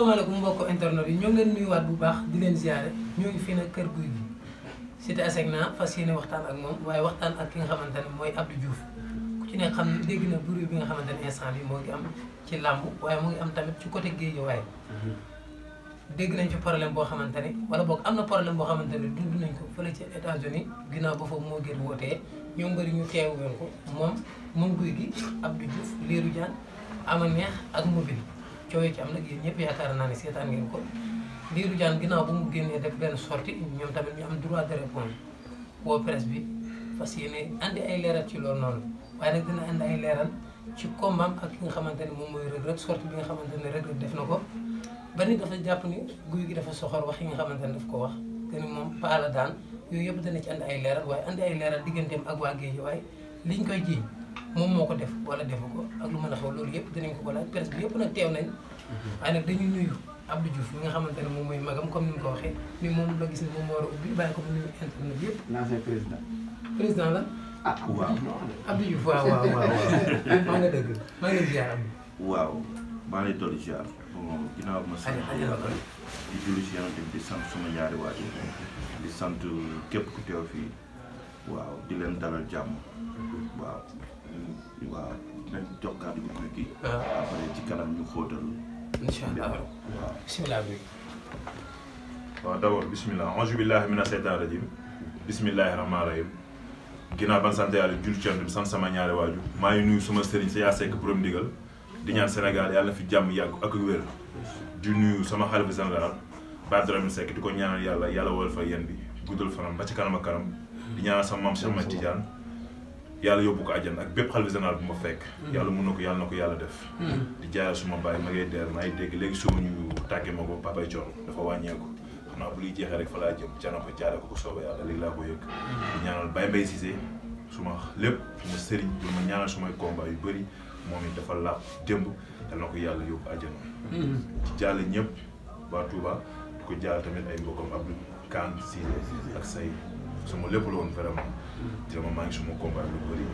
asalaamaaleykum mbokk internet yi ñoo ngi leen nuyuwaat bu baax di leen ziare ñoo ngi fii nag kër guy bi gi Cité ASECNA fas yéene waxtaan ak moom waaye waxtaan ak ki nga xamante ne mooy Abdou Diouf ku ci ne xam ne dégg na bruit bi nga xamante ne instant bi moo ngi am ci làmb waaye mu am tamit ci côté Guédiawaye mhm. dégg nañ ci problème boo xamante ne wala boog am na problème boo xamante ne dund nañ ko fële ci États-Unis ginnaaw ba foofu moo gën wootee ñoo mbëri ñu teewoon ko moom moom guy gi Abdou liiru Lirou am ama neex ak mobile coowee ci am nag yéen ñëpp yaakaar naa ne seetaan ngeen ko Ndiirou Diane ginnaaw bu mu génnee def benn sortie ñoom tamit ñu am droit de répondre woo presse bi fas yéene andi ay leeral ci loolu noonu waaye nag dina andi ay leeral ci kombaam ak ki nga xamante ne moom mooy Reug Reug bi nga xamante ne Reug def na ko ba ni dafa jàpp ni guy gi dafa soxor wax yi nga xamante ne daf ko wax te ni moom paala daan yooyu yëpp dana ci andi ay leeral waaye andi ay leeral digganteem ak waa géej waaye li liñ koy ji moom moo ko def wala defu ko ak lu mën a xew loolu yëpp dinañ ko ko laaj presse bi yëpp nag teew nañ waaye nag dañuy nuyu Abdou Diouf nga xamante ne moom mooy magam comme ni mu ko waxee ni moom la gis ne moom moo war a ubbi président président la ah waaw Abdou Diouf waaw waaw waaw maa nga dëgg maa nga ziar Abdou waaw maa lay dolli ziar bon ginnaaw ma sant di julli si yonent bi di sant sama ñaari waajur di sant képp ku teew fii waaw di leen dalal jàmm waaw waaw nañ jox kàddu gi kii ah. après ci kanam ñu xóotal incha allah waaw bisimilah bi waaw d' abord bisimilah ange billahi mina seytaan rajim bisimilahi rahmaan rahim yàlla jur cant bi sama ñaari waaju maa ngi nuyu suma sëriñ sa yaa sekk borom digal di ñaan Sénégal yàlla fi jàmm yàgg ak wér di nuyu sama xalifa général Baye Dramine sekk di ko ñaanal yàlla yàlla wal fa yéen bi ba ci kanama kanam di ñaanal sama maam Cheikh Ahmed Tidiane yàlla yóbbu ko àjjana ak bépp xalifa général bu ma fekk hmm. yàlla mun na ko yàlla na ko yàlla def hmm. di jaayal suma bàyyi ma ngay deer maa ngi dégg léegi suba ñu tàggee ma ko papay coon dafa wàññeeku xam naa rek fa laa jëm cana ko jaare yàlla léegi laa ko yëg hmm. di ñaanal Baye Mbaye suma lépp suma sëriñ bi ma ñaanal sumay combat yu bëri moom it dafa làpp démb yàlla na ko yàlla yóbbu àjjana ci jaale ñëpp waa Touba di ko jaal tamit ay mbokkam Abdou Kane Cissé ak say sama lépp la woon vraiment te ma maa ngi suma combat lu bëri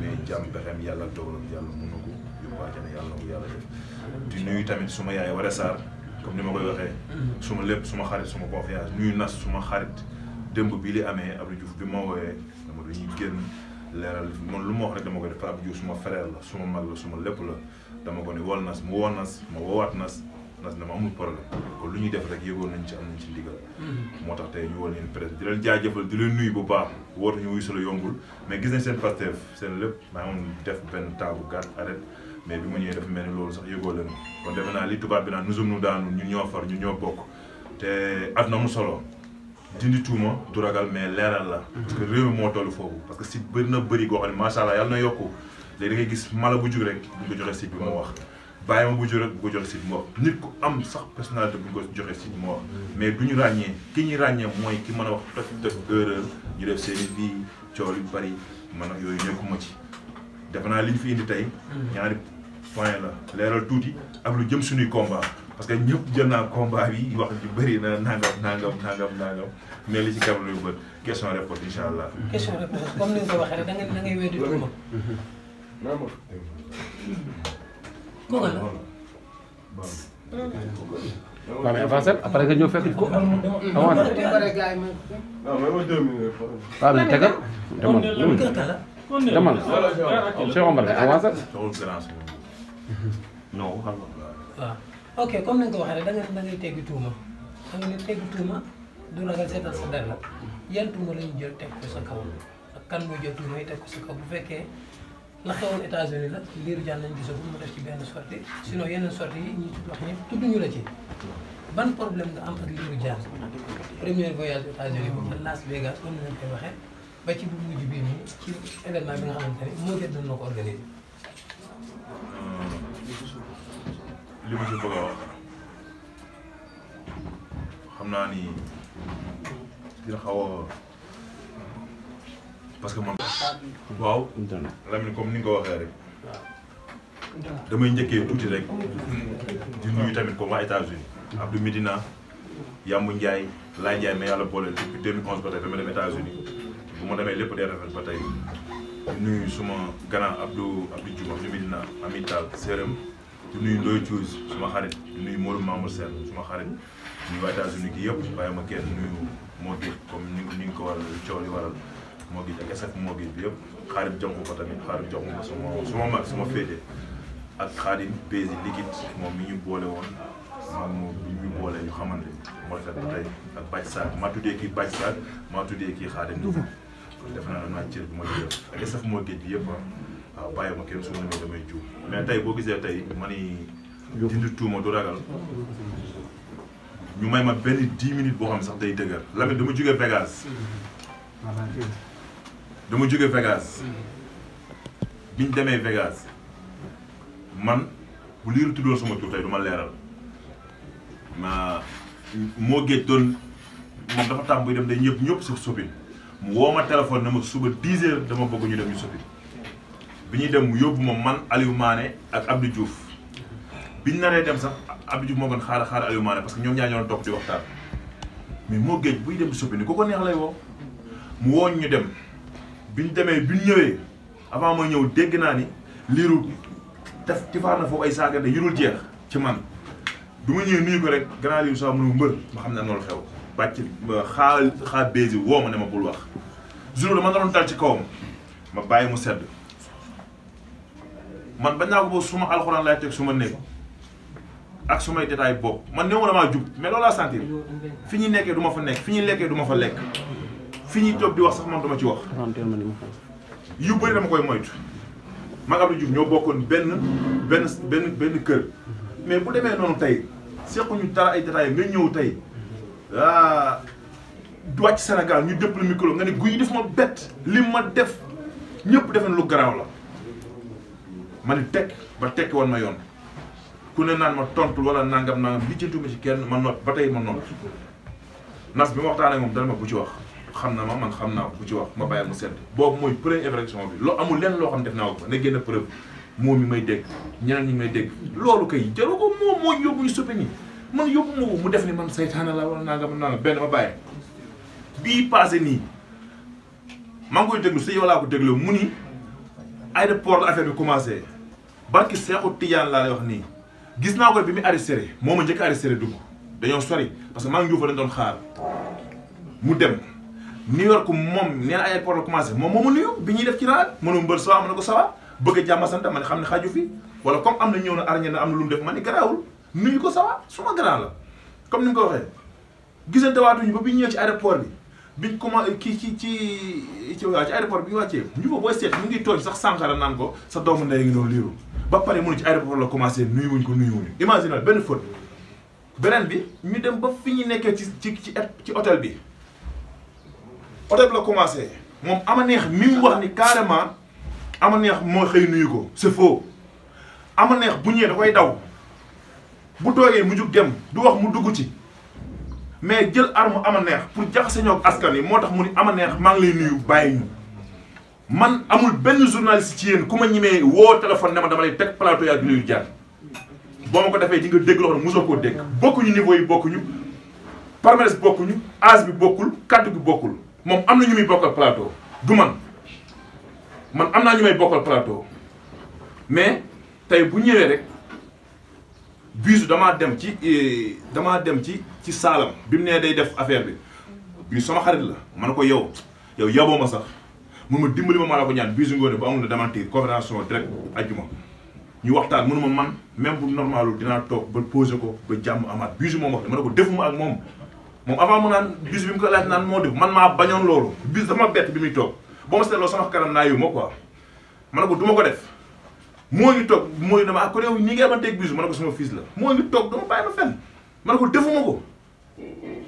mais jàmm pexem yàlla dogalam yàlla mun na ko yóbbaate ne yàlla na yàlla def di nuyu tamit suma yaay Waré Sarr comme ni ma koy waxee suma lépp suma xarit suma confiance nuyu nas suma xarit démb bii li amee Abdou Diouf bi ma wooyee dama dañuy génn leeral man lu ma wax rek dama koy def Abdou Diouf suma frère la suma mag la suma lépp la dama ko ne wol nas mu woo nas ma woowaat nas nas na ma amul lu ñuy def rek yëgoon nañ ci am nañ ci ndigal mhm. moo tax te ñu woon leen presse di leen jaajëfal di leen nuyu bu baax woote ñu wuyu solo yombul mais gis nañ seen Pastef seen lépp maa ngi def benn taabu gàtt arrêt mais bi ma ñëwee dafa mel ni loolu sax yëgoo leen kon defe naa li tubaab bi naa nous sommes nous daanu ñun ñoo far ñu ñoo bokk te at na mu solo dindi tuuma du ragal mais leeral la mhm. parce que réew moo toll foofu parce que si bëri na bëri goo xam na yokku léegi da ngay bu jug rek buñ ko wax bàyyi ma bu joxe bu ko joxe Sidi Mor nit ku am sax personnalité bu ko joxe Sidi Mor mais du ñu ràññee ki ñu ràññee mooy ki mën a wax toj toj erreur ñu def seen bi coow yu bari man ak yooyu nekkuma ci defe naa li ñu fi indi tey ñaari point la leeral tuuti ak lu jëm suñuy combat parce que ñëpp jël naa combat yi wax ju bëri na nangam nangam nangam nangam mais li ci kam luy bët question réponse incha allah. question réponse comme ni nga waxee rek da googal la waaw mais avancé après nga ñëw fekk ko avancé. waaw ok comme ni ko waxee rek da tuuma da nga ne tuuma du ragal seetal sa der la tuuma la jël teg ko sa kaw bu fekkee. la xewoon États-Unis la liiru jaan lañ gisagul mu def ci benn sortie sinon yeneen sortie yi ñu tudd wax ñëpp tudd ñu la ci ban problème nga am ak liiru jaan premier voyage États-Unis ba Las Vegas comme ni koy waxee ba ci bu mujj bii nii ci événement bi nga xamante ne moo gën na ko organiser. Euh, li ma ci bëgg a wax xam naa ni dina xaw parce que man. waaw. Lamine comme ni nga ko waxee rek. damay njëkkee tuuti rek. di nuyu tamit comme waa États-Unis mm. Abdou Medina Yambou Ndiaye Laye Ndiaye mais yàlla boole depuis 2011 ba tey dama dem États-Unis bu ma demee lépp day rafet ba tey di nuyu suma grand Abdou Abdou Diouf Abdou Medina Amital Sérém di nuyu Ndoye Diouf suma xarit di nuyu Modou Mamour Sène suma xarit di nuyu waa États-Unis gi yëpp bàyyi ma kenn nuyu moo di comme ni ni nga ko waral coow li moo gi ak SF moo gi bi yëpp xaarib jox ko tamit xaarib jox ko suma suma mag suma féete ak xaadim Bézi Ligit moom mi ñu boole woon moom moom bi ñu boole ñu xamante moo rafet ba tey ak Bac Sarr maa tuddee kii Bac Sarr maa tuddee kii xaadim kon defe naa naa cër bu ma jël ak moo gi bi yëpp ah, waaw bàyyi ma kenn su ma demee damay juum mais tey boo gisee tey ma ni dindi tuuma du ragal ñu may ma benn dix minutes boo xam sax day dëgër Lamine dama jógee dama jóge Vegas biñ demee Vegas man bu liiru tuddoo sama tur tey du ma leeral ma moo géej doon moom dafa tàmm buy dem day ñëpp ñëpp sa soppi mu woo ma téléphone ne ma suba 10 heures dama bëgg ñu dem ñu soppi bi ñuy dem mu yóbbu ma man Aliou ak Abdou Diouf biñ naree dem sax Abdou Diouf moo gën xaar xaar Aliou Mané parce que ñoom ñaa ñoo toog di waxtaan mais moo géej buy dem di soppi ni ku neex lay woo mu wooñ ñu dem. bi ñu demee bi ñu ñëwee avant ma ñëw dégg naa ni liiru def tifaar na foofu ay saaga de yurul jeex ci man du ma ñëwee nuyu ko rek grand liiru sax mënu mbër ma xam ne noonu xew bàcc xaa xaa bési woo ma ne ma bul wax jour dama doon dal ci kawam ma bàyyi mu sedd man bañ naa ko boobu suma alxuraan laay teg suma néeg ak sumay détail bopp man ne ma damaa jub mais laa sentir fi ñu nekkee du ma fa nekk fi ñuy lekkee du ma fa lekk fi ñuy toog di wax sax man ma ci wax. yu bëri dama koy moytu. mag Abdou Diouf ñoo bokkoon benn benn benn benn kër. mais bu demee noonu tey sequñu dara ay détails nga ñëw tey ah wàcc Sénégal ñu dëpp la micro nga ne guy def ma bett li ma def ñëpp def na lu garaaw la. ma ni tekk ba tekki woon ma yoon ku ne naan ma tontul wala nangam nangam lijjantuma ci kenn ma noot ba tey ma noot nas bi ma waxtaanee moom dana ma bu ci wax. xam na ma man xam naa ko bu ci wax ma bàyyi mu sedd boobu mooy première élection bi loo amul lenn loo xam def naa ko na génn preuve moom mi may dégg ñeneen ñi may dégg loolu kay jaru ko moom mooy yóbbu ñu suppe ñi man yóbbu ma mu def ni man saytaana la wala nangam nangam benn ma bàyyi bii passé nii maa ngi koy déglu si yow laa ko déglu mu ni aéroport la affaire bi commencé barki Seexu Tijaan laa lay wax nii gis naa ko bi mu arrêté moo ma njëkk arrêté dugg dañoo sori parce que maa ngi juufa dañ doon xaar mu dem New York moom nee na la commencé moom moo ma nuyu bi ñuy def ci raad mënu mbër sawa ma ne ko sawa bëgg a jàmm sant ma ne xam ne xaju fi wala comme am na ñëw na arañe def ma ne garaawul ko sawa suma garaaw la comme ni nga ko waxee gisante waatuñu ba bi ñëw ci aéroport bi biñ kii ci ci ci waa bi ñu ko booy seet ko sa doomu ndey ngi doon liiru ba pare mënu ci aéroport la commencé nuyu wuñ ko nuyu wuñu imagine benn faute beneen bi ñu dem ba fi ñu nekkee ci ci ci hôtel bi oto bi la commencé moom ama neex mi wax ni carrément ama neex moo xëy nuyu ko c'est faux ama neex bu ñëwee da koy daw bu toogee mu jug dem du wax mu dugg ci mais jël arme ama neex pour jaxase ñoo askan yi moo tax mu ni ama neex maa ngi lay nuyu bàyyi ñu man amul benn journaliste ci yéen ku ma ñimee woo téléphone ne ma dama lay teg plateau yaa bi jaar boo ma ko defee ci nga dégg loo xam ne mosoo koo dégg bokkuñu niveau yi bokkuñu palmarès bokkuñu aas bi bokkul kaddu gi bokkul moom am na ñu muy bokkal plateau du man man am naa ñu may bokkal plateau mais tey bu ñëwee rek bisu damaa dem ci eh, damaa dem ci ci saalam bi mu nee day def affaire bi bisu sama xarit la ma ne ko yow yow yaboo ma sax mun ma dimbali ma maa la ko ñaan bisu ngoone bu amul na demantir conférence direct ajjuma ñu waxtaan mënuma man même bu normalul dinaa toog ba posé ko ba jàmm amaat bisu moom wax ne ma ne ko defuma ak moom moom avant mu naan bis bi mu ko laat naan moo def man maa bañoon loolu bis dama bett bi muy toog boo ma seetloo sama kanam naa yu ma ko man ne ko du ma ko def moo ngi toog mooy dama ak ko yow ñi ngi amanteeg bis ma ne ko sama fils la moo ngi toog dama bàyyi ma fenn ma ko defuma ko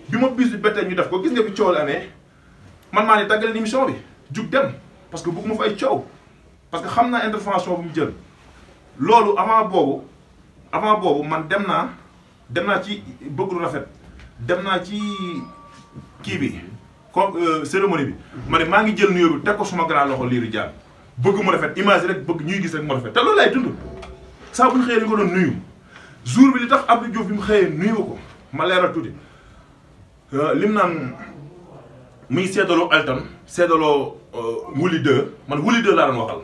bi ma bis bi bettee ñu def ko gis nga bi coow la amee man maa ne tàggaleen émission bi jub dem parce que bëgguma fa ay coow parce que xam naa intervention bu mu jël loolu avant boobu avant boobu man dem naa dem naa ci bëgg lu rafet dem naa ci kii bi comme euh, cérémonie bi ma ne maa ngi jël nuyoo bi teg ko suma grand loxo liiru jaar bëgg mu rafet image rek bëgg ñuy gis rek mu rafet te loolu laay dund saa bu xëyee nuyu li tax Abdou Diouf bi mu xëyee nuyu ko ma leeral tuuti euh, lim naan muy seedaloo altan seedaloo euh, wuli deux man wuli deux laa doon waxal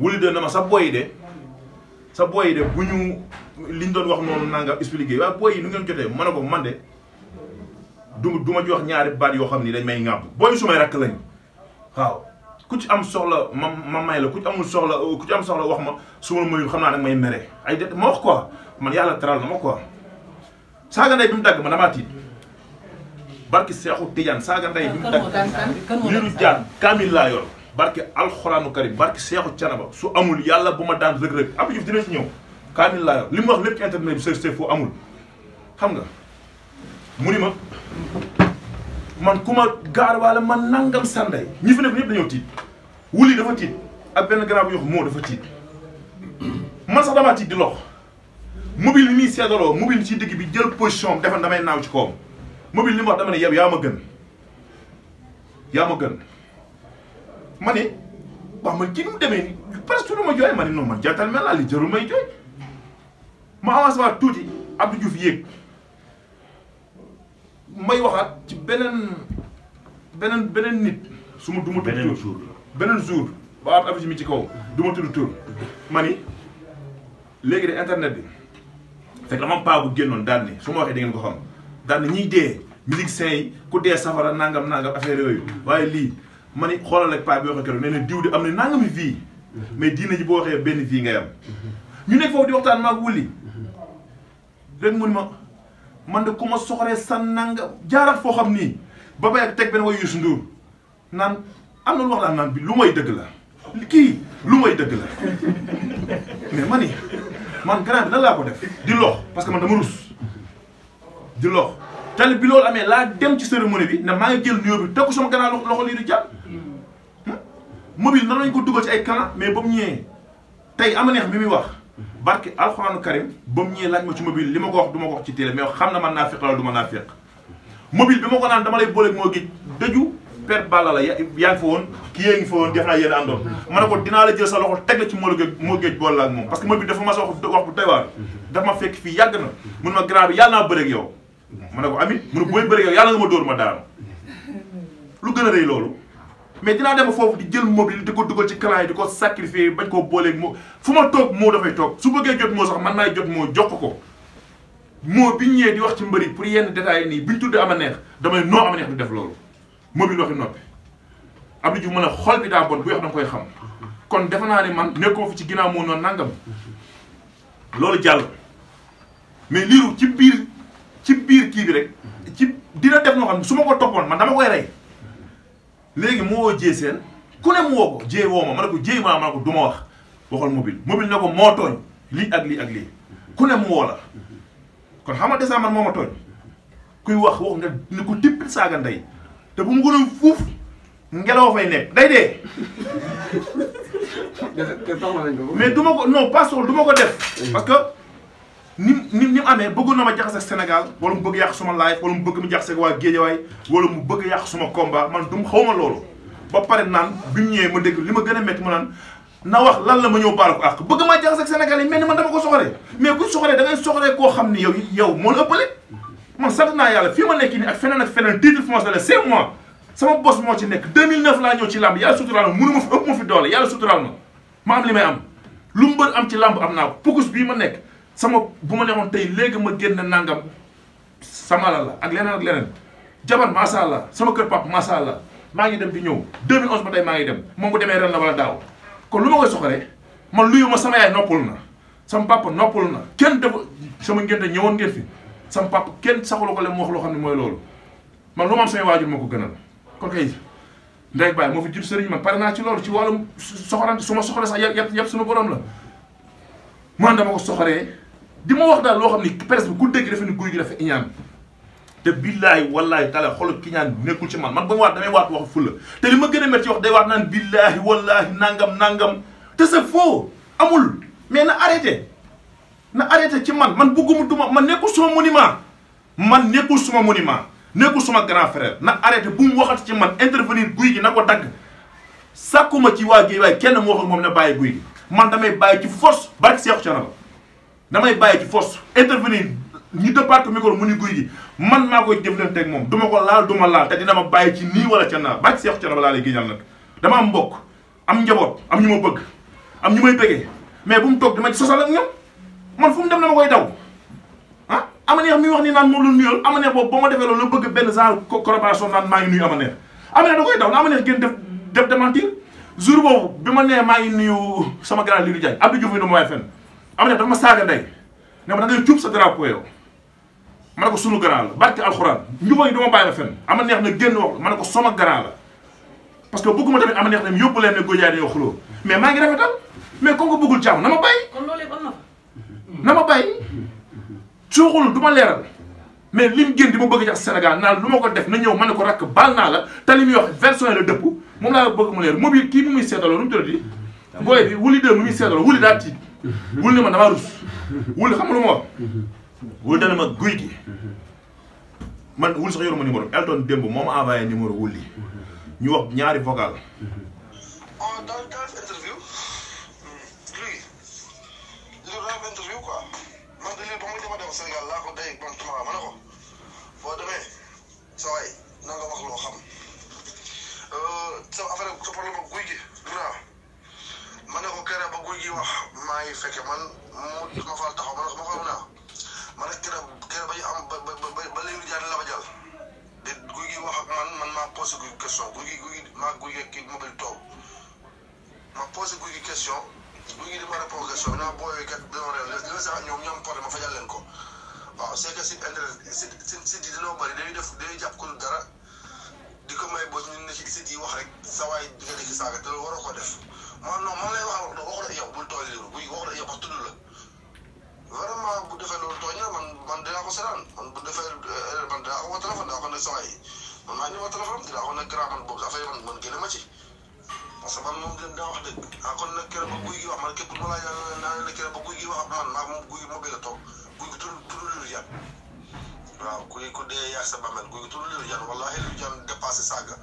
wuli deux na ma sa boy de sa boy de bu ñu li ñu doon wax noonu nangam expliqué waaye booy yi nu ngeen jotee ma ne ko man de du du ma ci wax ñaari baat yoo xam ni dañ may ŋàbb booy sumay rakk lañ waaw ku ci am soxla ma ma may la ku ci amul soxla euh, ku ci am soxla wax ma su ma mënul xam may mere ay de ma wax quoi man yàlla teral na ma quoi saaga ndey bi mu dagg ma damaa tiit barki seexu tijaan saaga ndey bi mu dagg liiru jaan kaamil laa yor barki alxuraanu karim barki seexu canaba su amul yàlla bu ma daan rëg-rëg Abdou Diouf dina ñëw kaamil laa li mu wax lépp ci internet bi c'est faux amul xam nga mu ni ma man ku ma gaar waale man nangam sanday ñi fi nekk ñëpp dañoo tiit wuli dafa tiit ak benn grand bu ñu wax moo dafa tiit man sax damaa tiit di lox mobile bi muy seedaloo mobile ci digg bi jël position am defoon damay naaw ci kawam mobile li mu wax dama ne yow yaa ma gën yaa ma gën ma ne waaw man kii nu mu demee nii presque du ma jooy ma ne non man jantal mel laa li jarul may jooy. ma avance waat tuuti Abdou Diouf yéeg may waxaat ci beneen beneen beneen nit. su ma du ma tudd beneen jour ba at mi ci kaw du ma tudd tur ma ni léegi de internet bi fekk dama paa bu génnoon daal ni su ma waxee da ngeen ko xam daal ni ñiy dee musiciens yi ku dee safara nangam nangam affaire yooyu waaye lii ma ni xoolal ak paa bi waxee keroog nee diw di am na nangami vie mhm. mais diina ji boo waxee benn vie ngay am ñu nekk foofu di waxtaan maag ren mun ma man de ku ma soxoree san nanga jaaraat foo xam nii ba bay ak teg benn way Youssou Ndour naan am na lu wax laa naan bi lu may dëgg la kii lu may dëgg la mais man ni man grand bi nan laa ko def di lox parce que man dama rus di lox tali bi loolu amee laa dem ci cérémonie bi ne maa ngi jël nuyoo bi teg ko sama gannaaw loxo lii di jàll hmm? mobile nan lañ ko duggal ci ay kana mais ba mu ñëwee tey am na neex mi muy wax barke alxuraanu karim ba mu ñëwee laaj ma ci mobile li ma ko wax du ma ko wax ci télé mais xam na man naa feq la du ma mobile bi ma ko naan dama lay booleeg moo gi dëju per balla la yaa ngi fa woon kii yaa ngi fa woon def naa yéen àndoon ma ne ko dinaa la jël sa loxo teg la ci moo géej moo géej boole la moom parce que mobile dafa ma sa wax wax bu doy dafa ma fekk fii yàgg na mun ma grand bi yàlla naa bëreeg yow ma ne ko amit munu booy bëreeg yow yàlla nga ma dóor ma daanu gën a rëy loolu mais dinaa dem foofu di jël mobile di ko dugal ci clan yi di ko sacrifier bañ koo booleeg moo fu ma toog moo dafay toog su bëggee jot moo sax man naa jot moo jox ko moo bi ñëwee di wax ci mbëri pour yenn détails nii bi ñu tuddee ama neex damay noo ama neex du def loolu mobile waxi noppi Abdou Diouf mën a xol bi daa bon bu wax danga koy xam kon defe naa ne man nekkoo fi ci ginnaaw moo noonu nangam loolu jàll mais liiru ci biir ci biir kii rek ci dina def noo xam su ma ko toppoon man dama koy rey léegi moo woo jee seen ku ne mu woo ko jee woo ma ma ne ko jee maa ma ne ko du ma wax waxal mobile mobile ne ko moo tooñ lii ak lii ak lii ku ne mu woo la kon xam nga dèjà man moo ma tooñ kuy wax wax nga ni ko tippit saaga ndey te bu mu gënoon fuuf ngelaw fay nekk day dee. mais du ma ko non pas du ko def parce que. nit mu ni mu amee bëggoon ma jaxase ak Sénégal wala mu bëgg yàq suma life wala mu bëgg mu jaxase suma combat man du xaw ma loolu. ba pare naan bi mu ñëwee ma dégg li ma gën a métti ma naan na wax lan la ma ñëw baal ko àq bëgg maa jaxase ak Sénégal yi mel ni man dama ko soxoree mais ku soxoree da ngay soxoree koo xam ni yow yow moo la ëppale. man sant naa yàlla fii ma nekk nii ak feneen ak feneen titre foncier la c'est sama bos moo ci nekk 2009 laa ñëw ci làmb yàlla suturaal ma mënu ma fi ëpp ma fi doole yàlla ma ma am li may am lu mu bër am ci làmb bii ma nekk sama bu ma neexoon tey léegi ma génn nangam sama alal la ak leneen ak leneen jabar macha allah sama kër pap macha allah maa ngi dem di ñëw 2011 ba tey maa ngi dem moom bu demee ren la wala daaw kon lu ma koy soxalee man luyu ma sama yaay noppul na sama papa noppul na kenn dafa sama ngénte ñëwoon ngeen fi sama papa kenn saxalu ko leen mu wax loo xam ne mooy loolu man lu ma am samay waajur moo ko gënal kon kay ndey baay moo fi jur sëriñ ma pare naa ci loolu ci wàllum soxorante su ma soxoree sax yëpp yëpp suñu borom la man dama ko soxoree di ma wax daal loo xam ni presse bi ku dégg dafa ni guy gi dafa iñaan te billaay wallaay taala xoolal ki ñaan nekkul ci man man ba ma waat waat wax fulla te li ma gën a métti wax day waat naan billaay wallaay nangam nangam te c'est amul mais na arrêté na arrêté ci man man bëgguma duma man nekkul suma monument man nekkul suma monument nekkul suma grand frère na arrêté bu mu waxat ci man intervenir guy gi na ko dagg sàkkuma ci waa Guèye waaye kenn mu wax ak moom na bàyyi guy gi man damay bàyyi ci force barke Seexu Canaba damay bàyyi ci force intervenir ñu départ ko micro mu ni guy gi man maa koy jëflante ak moom duma ko laal duma laal te dina ma bàyyi ci nii wala ca naar bàyyi seexu ca laa lay génnal nag dama am mbokk am njaboot am ñu ma bëgg am ñu may bëggee mais bu mu toog dama ci sosal ak ñoom man fu mu def na dama koy daw ah amaneex mi wax ni naan moom la nuyoo amaneex boobu ba ma defee loolu la bëgg benn genre collaboration naan maa ngi nuyu amaneex amaneex da koy daw na amaneex gën def def démentir jour boobu bi ma nee maa ngi nuyu sama grand Lirou Diagne Abdou Diouf yi du ma waay am na dafa ma saaga ndey ne ma da ngay cuub sa drapeau yow ma ne ko sunu grand la barke alxuraan njuba yi dama bàyyi ma fenn ama neex na génn wax ma ne ko sama grand la parce que bëgguma tamit ama neex na yóbbu leen ne góojaay dañoo xuloo mais maa ngi rafetal mais comme que bëggul jàmm na ma bàyyi. kon loolee ban na na ma bàyyi soo du ma leeral mais lim génn di ma bëgg a jax Sénégal naan lu ma ko def na ñëw ma ne ko rakk baal naa la te li muy wax version yi la dëpp moom laa bëgg mu leer mobile kii mu muy seetaloo nu mu tuddati. booy bi wuli de mu muy seetaloo wul ne ma damaa rus xam nga lu ma dana ma guy gi man wul sax yoru ma numéro Elton démb moo ma envoyé numéro wul ñu wax ñaari vocal on dans interview hmm, lui li interview quoi man de lii ba muy dama laa ko day man tuma ma ne ko boo demee sa waay na nga wax loo xam euh, sa affaire sa problème guy gi ma ne ko keroog ba guy gi wax maa ngi fekke man mu ma faal taxaw ma ne ko ma faal naa ah. ma ne keroog keroog ba ñu am ba ba ba léegi jaar la ba jàll de guy gi wax man man maa posé guy question guy gi guy gi maa guy gi kii mobile toog ma posé guy gi question guy gi di ma répondre question bi naa booyee kat bi ma réer li ma sax ñoom ñoom porté ma fajal leen ko waaw c'est que site internet site site site yi dañoo bëri dañuy def dañuy jàpp ko dara di ko may bos ñu ne ci site yi wax rek saa waay di nga dégg saaga te loolu waroo ko def. moom ah, non moom lay wax waxu la yow bul tooñ liiru buy waxu la yow wax tudd la vraiment bu defee loolu tooñ la man man dinaa ko saraan man bu defee euh, man dinaa ko woo téléphone dinaa ko ne saa yi man maa ngi woo téléphone dinaa ko ne grand man boobu affaire man man génne ma ci. parce que man moom gën daa wax dëgg ah kon nag keroog ba guy gi wax man képp ku ma laaj naa ne la keroog ba guy gi wax man maa moom guy gi moo bëgg a toog guy gi tudd tudd liiru yan waaw kuy ku dee yaa sa bàmmeel guy gi tudd liiru yan wallaahi liiru yan dépassé saaga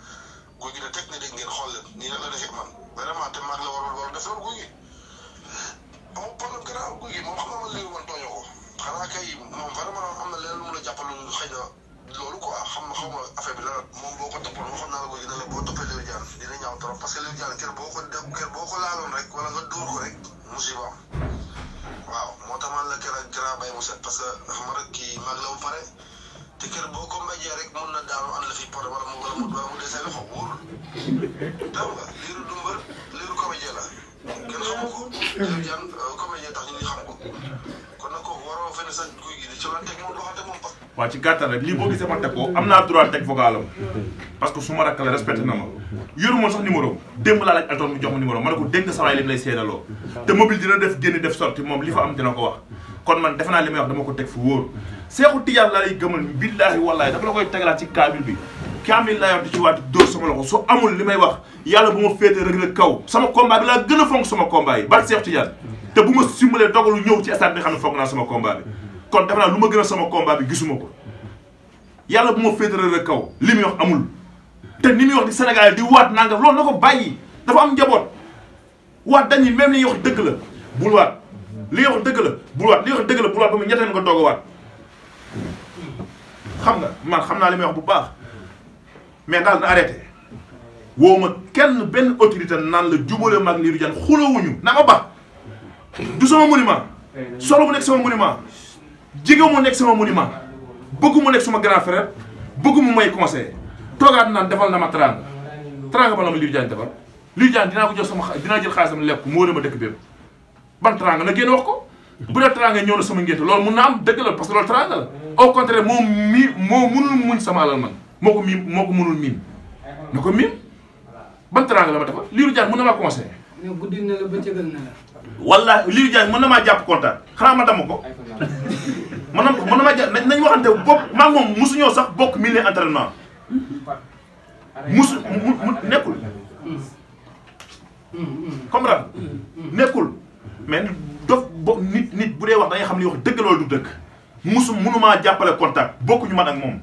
guy gi ne teg ne dégg ngeen xool leen nii la la defee man. vraiment te man la waroon waroon def loolu guy gi amul problème gannaaw guy gi moom xam nga man léegi man tooñoo ko xanaa kay moom vraiment am na leneen lu mu la jàppal lu xëy na loolu quoi xam nga xaw ma affaire bi la moom boo ko toppoon waxoon naa la guy gi ne la boo toppee Lirou Diane dina ñaaw trop parce que Lirou Diane kër boo ko def kër boo ko laaloon rek wala nga dóor ko rek musiba waaw moo tax man la kër ak grand bay mu set parce que xam nga rek kii mag la mu pare. te kër boo ko mbajee rek mun na daanu an la fi port mu wala mu mu desee loxo wóorul. daaw nga liiru du mbër liiru comédien la kenn xamu euh, ko. kon nag kooku waroo fenn sax kuy gi ci lan teg moom doxante moom parce que. waaw ci gàttal am naa droit parce que su ma rakk la respecté na ma yoru moon sax numéro démb laa laaj altoon mu jox ma numéro ma ne ko dégg nga sa waay lim lay seedaloo te mobile dina def génn def sorti moom li fa am dina ko wax kon man defe naa li may wax dama ko teg fu wóor Seexu Tijaan laa lay gëmal billaahi wallaahi dama la koy tegalaat ci kaamil bi kaamil laa yor di ci waati dóor sama loxo su amul li may wax yàlla bu ma féete rek rek kaw sama combat bi gën a sama combat yi bari Seexu te bu ma simulee dogalu ñëw ci stade bi xam ne fonk sama combat bi kon defe naa lu ma gën a sama combat bi gisuma ko yàlla bu ma féete rek kaw li muy wax amul te ni muy wax di Sénégal di waat nanga loolu na ko bàyyi dafa am njaboot waat dañuy même ni ñuy wax dëgg la bul waat li nga wax dëgg la bul waat li nga wax dëgg la bul waat nga doog a waat xam nga man xam naa li may wax bu baax mais daal na arrêté ma kenn benn autorité naan la jubale mag liiru jaan xulawuñu na ma baax du sama monument solo mu nekk sama monument jigé mu nekk sama monument bëggu mu nekk sama grand frère bëggu mu may conseiller toogaat naan defal na ma teraanga teraanga ba la ma liiru jaan defal liiru jaan dinaa ko jox sama dinaa jël xaalisam lekk mu ma dëkk bépp ban teraanga na génn wax ko bu dee teraanga ñëw na sama ngénte loolu mun na am dëgg la parce que loolu teraanga la au moom mi moo munul muñ sama alal man moo ko miim moo ko munul miim na ko miim ban teraanga la ma defal liiru jaar mën na maa conseillé. mais guddi na la na la. wala liiru jaar mën na maa jàpp kontaan xanaa ma dama ko mën na mën na maa jàpp nañ waxante bopp maa moom mosuñoo sax bokk milieu entraînement mosu mu nekkul mm, mm, mm. comprendre nekkul. mais dof bo nit nit bu dee wax da xam ni wax dëgg loolu du dëgg musu munumaa jàppale contact bokkuñu man ak moom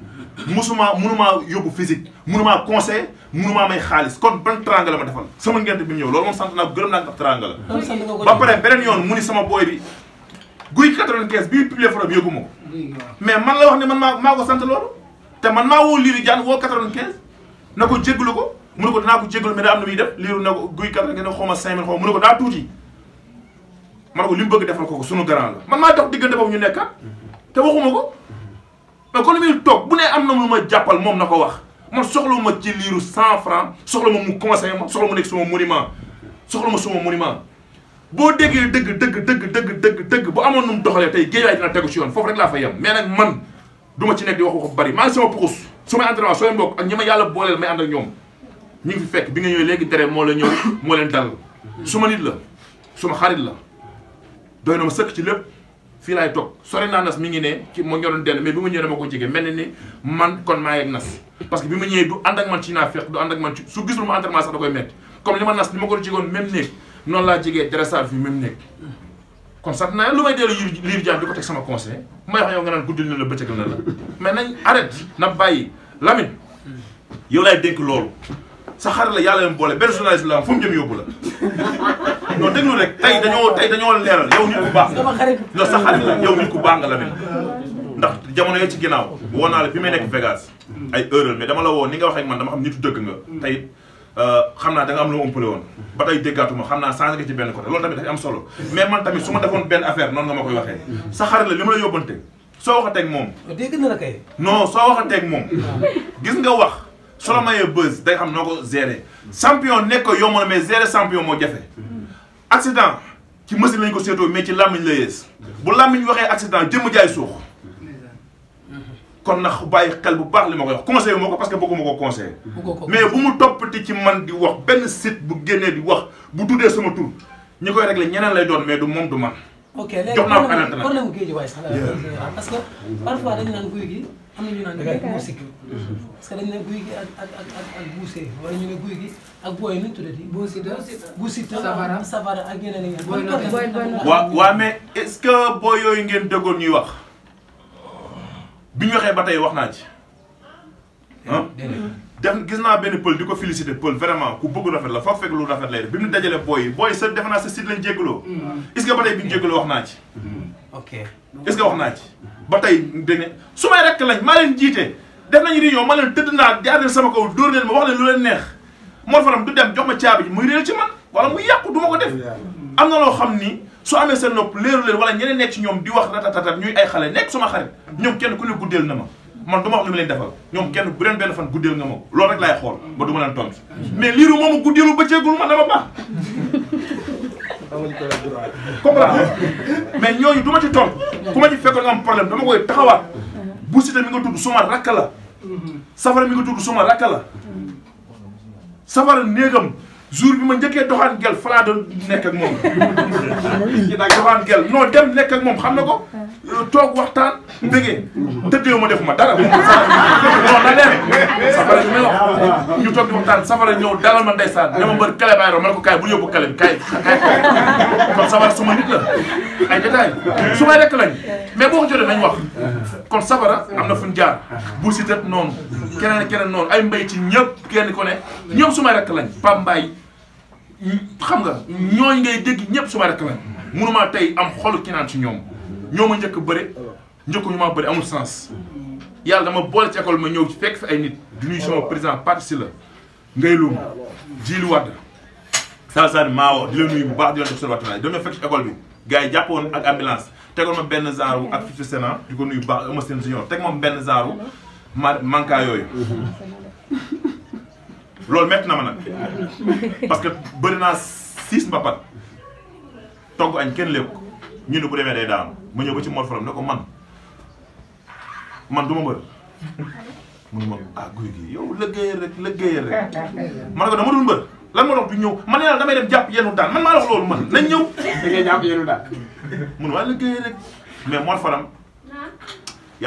musuma munumaa yóbbu physique munumaa conseil munumaa may xaalis kon ban teranga la ma defal sama ngent bi mu ñëw loolu moom sant naa ko gërëm naa ko teranga la ba pare beneen yoon mu ni sama booy bi guy 95 bii publié forom yóbbu ma ko mais man la wax ne man maa maa ko sant loolu te man maa woo liiru jaan woo 95 ko jéggalu ko mu ne ko ko jéggalu mais daa am na muy def liiru ne ko guy 95 xaw ma ma ne ko li mu bëgg defal ko ko sunu grand la man maa tax diggante boobu ñu nekkat ah. te waxuma ko mais kon muy toog bu nee am na lu ma jàppal moom na ko wax man soxla ma ci liiru cent soxla ma mu conseillé ma soxla mu nekk suma monument soxla ma suma monument boo déggee dëgg dëgg dëgg dëgg dëgg dëgg bu amoon nu mu doxalee tey géejaay dina tegu ci yoon foofu rek laa fa yem mais nag man du ci nekk di wax waxu bari maa ngi sama pukus su may entraînement sooy mbokk ak ñi ma yàlla booleel may am na ñoom ñu ngi fi fekk bi nga ñëwee léegi tere moo la ñëw moo leen dal su ma la su xarit la doy na ma sëkk ci lépp fii laay toog sore naa nas mi ngi ne ci ma ñor denn mais bi ma ñëwee dama ko jege mel ni ni man kon maa yegg nas parce que bi ma ñëwee du ànd ak man ci naa fekk du ànd ak man ci su gisul ma entraînement sax da koy métti comme li ma nas li ma ko jegoon même néeg noonu laa jegee dressage bi même néeg kon sant naa lu may dellu liir jaam di ko teg sama conseil may wax yow nga naan guddil na la bëccëgal na la mais nañ arrête na bàyyi sa xar la yàlla yem boole benn journaliste la am fu mu jëm yóbbu la non déglu rek tey dañoo tey dañoo leeral yow nit ku baax la yow nit ku baax nga la mel ndax jamono yee ci ginnaaw woon naa la bi may nekk Vegas ay heure mais dama la woo ni nga wax man dama xam nitu dëgg nga tey euh, xam naa da nga am loo ëmpale woon ba tey déggaatuma xam naa changé nga ci benn côté loolu tamit dafay am solo mais man tamit su ma defoon benn affaire noonu nga ma koy waxee sa xarit la li ma la yóbbante soo waxateeg moom dégg na la kay non moom gis nga wax soo la mayee buzz day xam noo ko gérer. champion nekk ko yomb na mais gérer champion moo jafe. accident ci machine lañ ko seetoo mais ci làmmiñ la yees bu làmmiñ waxee accident jëmm jaay suux kon nax bàyyi xel bu baax li ma koy wax conseil moo ko parce que bëgguma ko conseil mais bu mu topp toppati ci man di wax benn site bu génnee di wax bu tuddee sama tur ñi koy réglé ñeneen lay doon mais du moom du man ok léegi problème géej waaye sax parce que parfois dañu naan guy gi am na ñu naan guy gi sikki parce que dañu ne guy gi ak ak ak ak ak buusee wala ñu ne guy gi ak booy nu tuddati bu sita bu sita savara savara ak yeneen yi waaw waaw mais est-ce que booy yooyu ngeen déggoon ñuy wax bi ñu waxee ba tey wax naa ci ah def gis naa benn pël di ko félicité pël vraiment ku bëgg rafet la foofu fekk lu rafet lay def bi mu dajalee booy yi booy sa defe naa sa site lañ jégaloo. Mm-hmm. est-ce ba tey bi ñu jégaloo wax naa ci. Mm-hmm. ok est wax naa ci. ba tey dañ su may rek lañ maa leen jiite def nañu réunion ma leen tëdd naa jaar leen sama kaw dóor leen ma wax leen lu leen neex moo Faram du dem jox ma caabi ji muy réer ci man wala mu yàqu du ma ko def. Mm-hmm. am na loo xam ni su amee seen nopp leeru leen wala ñeneen nekk ci ñoom di wax ratatatat ñuy ay xale nekk suma xarit ñoom kenn ku ne guddeel na ma man du ma xam li ma leen defal ñoom kenn bu leen benn fan guddeel nga moom loolu rek laay xool ba du ma leen tontu mais liiru moomu guddeelu bëccëgul man dama baax. comprendre mais ñooñu du ma ci tontu ku ma ci fekkoon nga am dama koy taxawaat bu sita mi nga tudd suma la safara mi nga tudd suma rakk la néegam jour bi ma njëkkee doxaan gel falaa doon nekk ak moom doxaan gel non dem nekk ak moom xam na ko ah. toog waxtaan mbégee tëddee ma defuma dara non na leen safara bi may wax ñu toog di waxtaan safara ñëw dalal ma ndeysaan dama mbër kale bàyyi ma ne ko kaay bu yóbbu kale bi kaay kaay kon suma nit la ay détail su may rek lañ mais boo ko jotee nañ wax kon safara am na fu jaar bu si tët noonu keneen keneen noonu ay mbay ci ñëpp kenn ko ne ñoom su may rek lañ Pape Mbaye xam nga ñooñ ngay dégg ñëpp su may rek lañ mënuma tey am xolu ki naan ci ñoom ñoo ma njëkk bëre njëkk ñu maa bëri amul sens yàlla dama boole ci école ma ñëw ci fekk fi ay nit du ñuy sama président parti si la ngay luum jiilu wadd sal sal maawo di la nuyu bu baax di la def observatoire doon na fekk ci école bi gars yi jàppoon ak ambulance tegoon ma benn genre ak fifi sénat di ko nuyu bu baax ama seen junior teg moom benn genre ma manqua yooyu mhm. loolu métti na ma nag parce que bëri naa six mbapat togg añ kenn lépp ñu ne bu demee day daanu ma ñëw ba ci morpholam ne ko man man du ma mbër mun ma ah guy yow lëggéeyal rek lëggéeyal rek man ko dama la mbër lan ñëw man nee naa damay dem jàpp yennu daan man maa wax loolu man lañ ñëw da ngay mais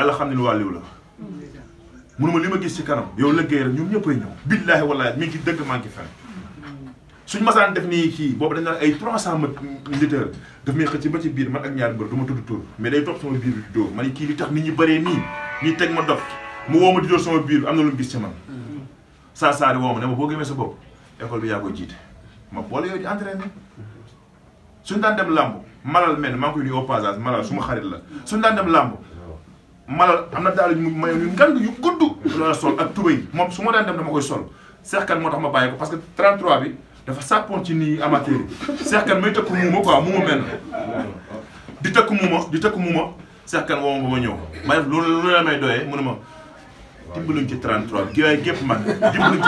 Mor xam ne lu wàlliw la munuma li ma gis ci kanam yow lëggéey rek ñoom ñëppay ñëw billaahi wallaahi mi ngi dëgg maa ngi fen suñu masaan def nii kii boobu dañ naan ay 300 mètres litre daf may xëcc ba ci biir man ak ñaar mbër du ma tudd tur mais day topp sama biir bi dóor man kii li tax nit ñi bëree nii ñi teg ma dof mu woo ma di door sama biir am na lu mu gis ci man mm-hmm. saa saari woo ma ne ma boo gëmee sa bopp école bi yaa koy jiite ma boole yooyu di entraîné suñu daan dem làmb malal mel maa ngi koy nuyu au passage malal suma xarit la suñ daan dem làmb malal am na daal mu may ñu ngan yu gudd la sol ak tubéy moom su ma daan dem dama koy sol Seex Kan moo tax ma bàyyi parce que 33 bi dafa sàppoon ci nii amateur yi Seex Kan may tëkk di tëkk muuma di tëkk muuma sax kan woo ma ba ma ñëw ma def loolu lu la may doyee mu ne ma dimbaluñ ci 33 gi waaye gépp ci